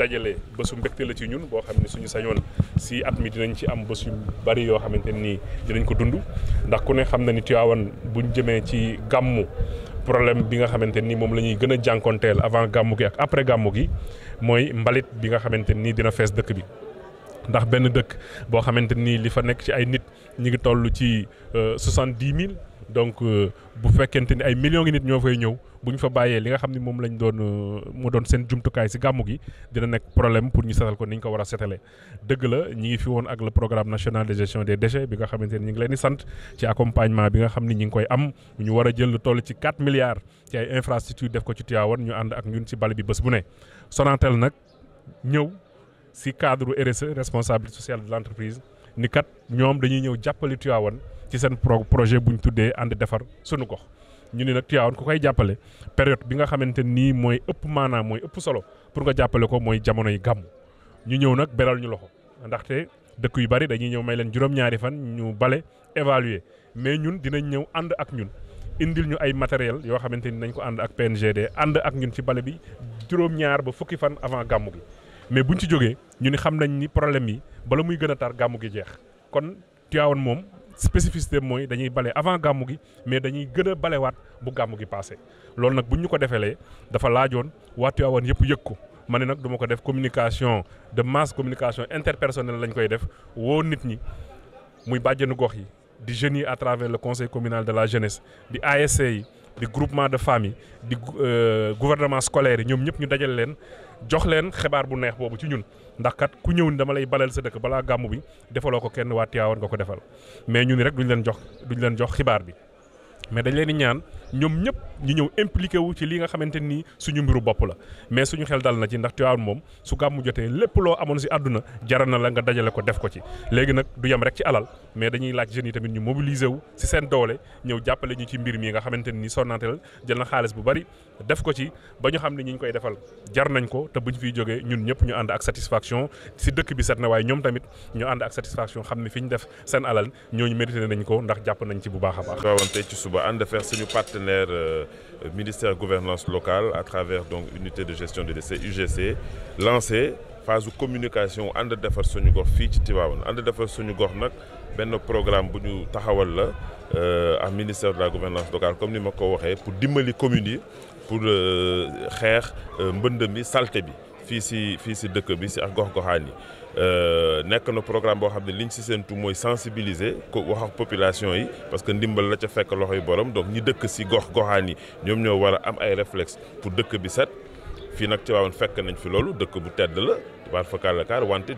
dajale bésu mbégte la ci ñun boo xam ne suñu sañoon si at mi dinañ ci am bés bari yoo xamante nii dinañ ko dund ndax ku ne xam na ni Tiwaawan buñ jëmee ci gàmmu problème bi nga xamante nii moom la ñuy gën a jànkonteel avant gàmmu gi ak après gàmmu gi mooy mbalit bi nga xamante nii dina fees dëkk bi ndax benn dëkk boo xamante nii li fa nekk ci ay nit ñi ngi toll ci euh, soixante-dix mille donc euh, bu fekkente ni ay million ngi nit ñoo fay ñëw bu ñu fa bàyyee li nga xam ne moom lañ doon euh, moo doon seen jumtukaay si gàmmu gi dina nekk problème pour ñu setal ko ni ñu ko war a setalee dëgg la ñi ngi fi woon ak le programme national de gestion des déchets bi nga xamante ni ñu ngi leen sant ci accompagnement bi nga xam ni ñi ngi koy am ñu war a jël lu toll ci 4 milliards ci ay infrastructure def ko ci Tivaouane ñu ànd ak ñun si bale bi bés bu ne Sonatel nag ñëw si cadre RSE responsabilité sociale de l'entreprise ni kat ñoom dañuy ñëw jàppale Tivaouane ci seen projet bu ñu tuddee ànd defar sunu gox ñu ne nag Tivaouane ku koy jàppale période bi nga xamante nii mooy ëpp maanaam mooy ëpp solo pour nga jàppale ko mooy jamono yi gàmmu ñu ñëw nag beral ñu loxo ndaxte dëkk yu bari dañuy ñëw may leen juróom-ñaari fan ñu bale évaluer mais ñun dinañ ñëw ànd ak ñun indil ñu ay matériel yoo xamante ni nañ ko ànd ak PNGD ànd ak ñun ci bale bi juróom-ñaar ba fukki fan avant gàmm gi mais buñ ci jógee ñu ni xam nañ ni problème yi bala muy gën a tar gàmmu gi jeex kon Tiwaawan moom spécificité mooy dañuy bale avant gàmmu gi mais dañuy gën a balewaat bu gàmmu gi passé loolu nag bu ñu ko defee defelee dafa laajoon waa Tiwaawan yëpp yëg ko ma ne nag du ko def communication de masse communication interpersonnelle lañu koy def woo nit ñi muy bàjjenu gox yi di jeunes yi à travers le conseil communal de la jeunesse di ASC yi di groupement de famille di euh, gouvernement scolaire yi ñoom ñëpp ñu dajale leen jox leen xibaar bu neex boobu ci ñun ndax kat ku ñëw ni dama lay balal sa dëkk balaa gàmm bi defaloo ko kenn waa Tiwaawan nga ko defal mais ñun rek duñ leen jox duñ leen jox xibaar bi mais dañ leen di ñaan ñoom ñëpp ñu ñëw impliqué wu ci li nga xamante ni suñu mbiru bopp la mais suñu xel dal na ci ndax Tiwaawan moom su gàmmu jotee lépp loo amoon si àdduna jaral na la nga dajale ko def ko ci léegi nag du yem rek ci alal mais dañuy laaj jeunes yi tamit ñu mobiliser wu si seen doole ñëw jàppale ñu ci mbir mi nga xamante ni Sonatel jël na xaalis bu bari def ko ci ba ñu xam ne ñi ñu koy defal jar nañ ko te buñ fiy jógee ñun ñëpp ñu ànd ak satisfaction si dëkk bi set na waaye ñoom tamit ñu ànd xam ne fi ñu def seen alal ñooñu mérité nañ ko ndax jàpp nañ ci bu baax a partenaire euh, ministère gouvernance locale à travers donc unité de gestion des déchets UGC lancé phase communication ànd defar suñu gox fii ci Tivaouane ànd defar suñu gox nag benn programme bu ñu taxawal la euh, ak ministère de la gouvernance locale comme ni ma ko waxee pour dimbali communes yi pour euh, xeex euh, mbënd mi salte bi fii si fii si dëkk bi si ak gox-goxaan yi euh, nekk na programme boo xam ne liñ si séntu mooy sensibiliser ko wax ak population yi parce que ndimbal la ca fekk loxo yi borom donc ñi dëkk si gox-goxaan yi ñoom ñoo war a am ay réflexe pour dëkk bi set fii nag ci waawoon fekk nañ fi loolu dëkk bu tedd la waar fa kàllakaar wante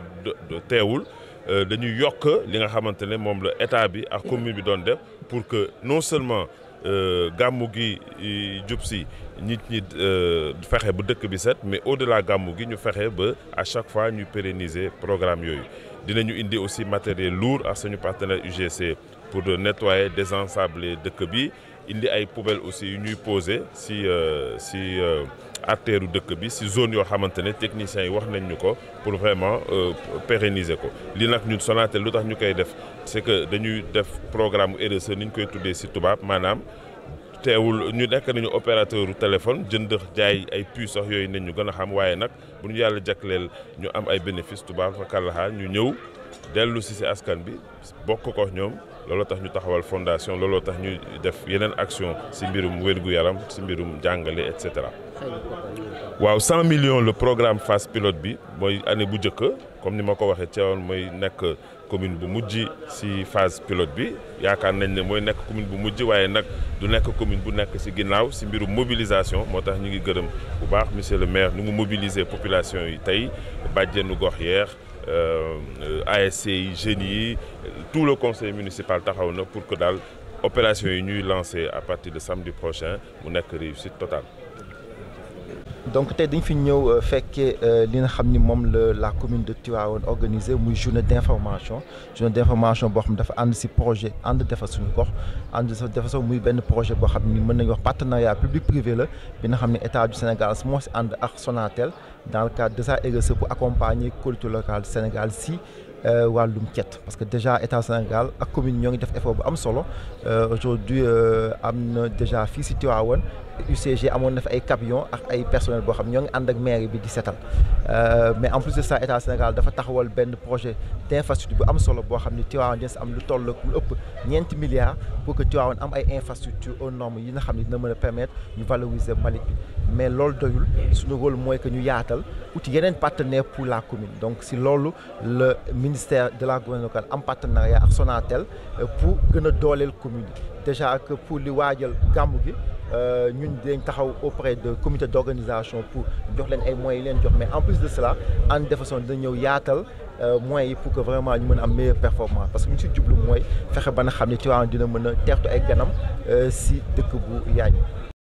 teewul euh, dañuy yokk li nga xamante ne moom la état bi ak commune bi doon dem pour que non seulement Euh, gàmmu gi jub si nit ñi euh, fexe ba dëkk bi set mais au de la gàmmu gi ñu fexe ba à chaque fois ñu pérenniser programme yooyu dinañu indi aussi matériel lourd ak suñu partenaire UGC pour nettoyer désensabler dëkk bi indi ay poubelles aussi yu ñuy poser si euh, si euh, artère dëkk bi si zone yoo xamante ne techniciens yi wax nañ ñu ko pour vraiment euh, pérenniser ko li nag ñun Sonatel lu tax ñu koy def c'est que dañuy def programme RSE ni ñu koy tuddee si tubaab maanaam teewul ñu nekk nañu opérateur téléphone jënd jaay ay puces sax yooyu nañ ñu gën a xam waaye nag bu ñu yàlla leel ñu am ay bénéfices tubaab fa kàllaxaa ñu ñëw dellu si si askan bi bokk ko ñoom looloo tax ñu taxawal fondation looloo tax ñu def yeneen action si mbirum wér yaram si mbirum jàngale et cetera. waaw 100 millions le programme phase pilote bi mooy année bu njëkk comme ni ma ko waxee ceewoon mooy nekk. commune bu mujj ci phase pilote bi yaakaar nañ ne mooy nekk commune bu mujj waaye nag du nekk commune bu nekk ci ginnaaw ci mbiru mobilisation moo tax ñu ngi gërëm bu baax monsieur le maire ni mu mobiliser population yi tey bàjjenu gox yeex euh, ASC yi jeunes yi tout le conseil municipal taxaw na pour que daal opération yi ñuy lancé à partir de samedi prochain mu nekk réussite total donc tey dañ fi ñëw euh, fekkee euh, li nga xam ni moom la la commune de Tivaouane organisé muy journée d' information journée d' information boo xam ne dafa ànd si projet ànd defar suñu gox ànd defa so muy benn projet boo xam ni mën nañ wax partenariat public privé la bi nga xam ne état du Sénégal moo si ànd ak Sonatel dans le cadre de sa RSE pour accompagner culture locale Sénégal si Euh, wàllum cet parce que déjà état Sénégal ak commune ñoo ngi def effort bu am solo euh, aujourd'hui euh, am na déjà fii si Tivaouane UCG amoon na fi ay camion ak ay personnel boo xam ñoo ngi ànd ak maire bi di setal mais en plus de ça état Sénégal dafa taxawal benn projet d'infrastructure bu am solo boo xam ne Tivaouane dina si am lu toll lu ëpp ñeenti milliards pour que Tivaouane am ay infrastructure au normes yi nga xam ne dina mën a permettre ñu valoriser mbalit bi mais loolu doyul suñu rôle mooy que ñu yaatal uti yeneen partenaire pour la commune donc si loolu le ministère de la gouvernance locale am partenariat ak sonaatel euh, pour gën a dooleel commune yi déjà ak pour li waajal gàmmu gi euh, ñun dañ taxaw auprès de comité d'organisation pour jox leen ay moyens yi leen jox mais en plus de cela en defaçon dina ñëw yaatal euh, moyens yi pour que vraiment ñu mën a am meilleure performance parce que ñu si jublu mooy fexe ba na xam ne Tivaouane dina mën a teertu ay ganam si dëkk bu yaañu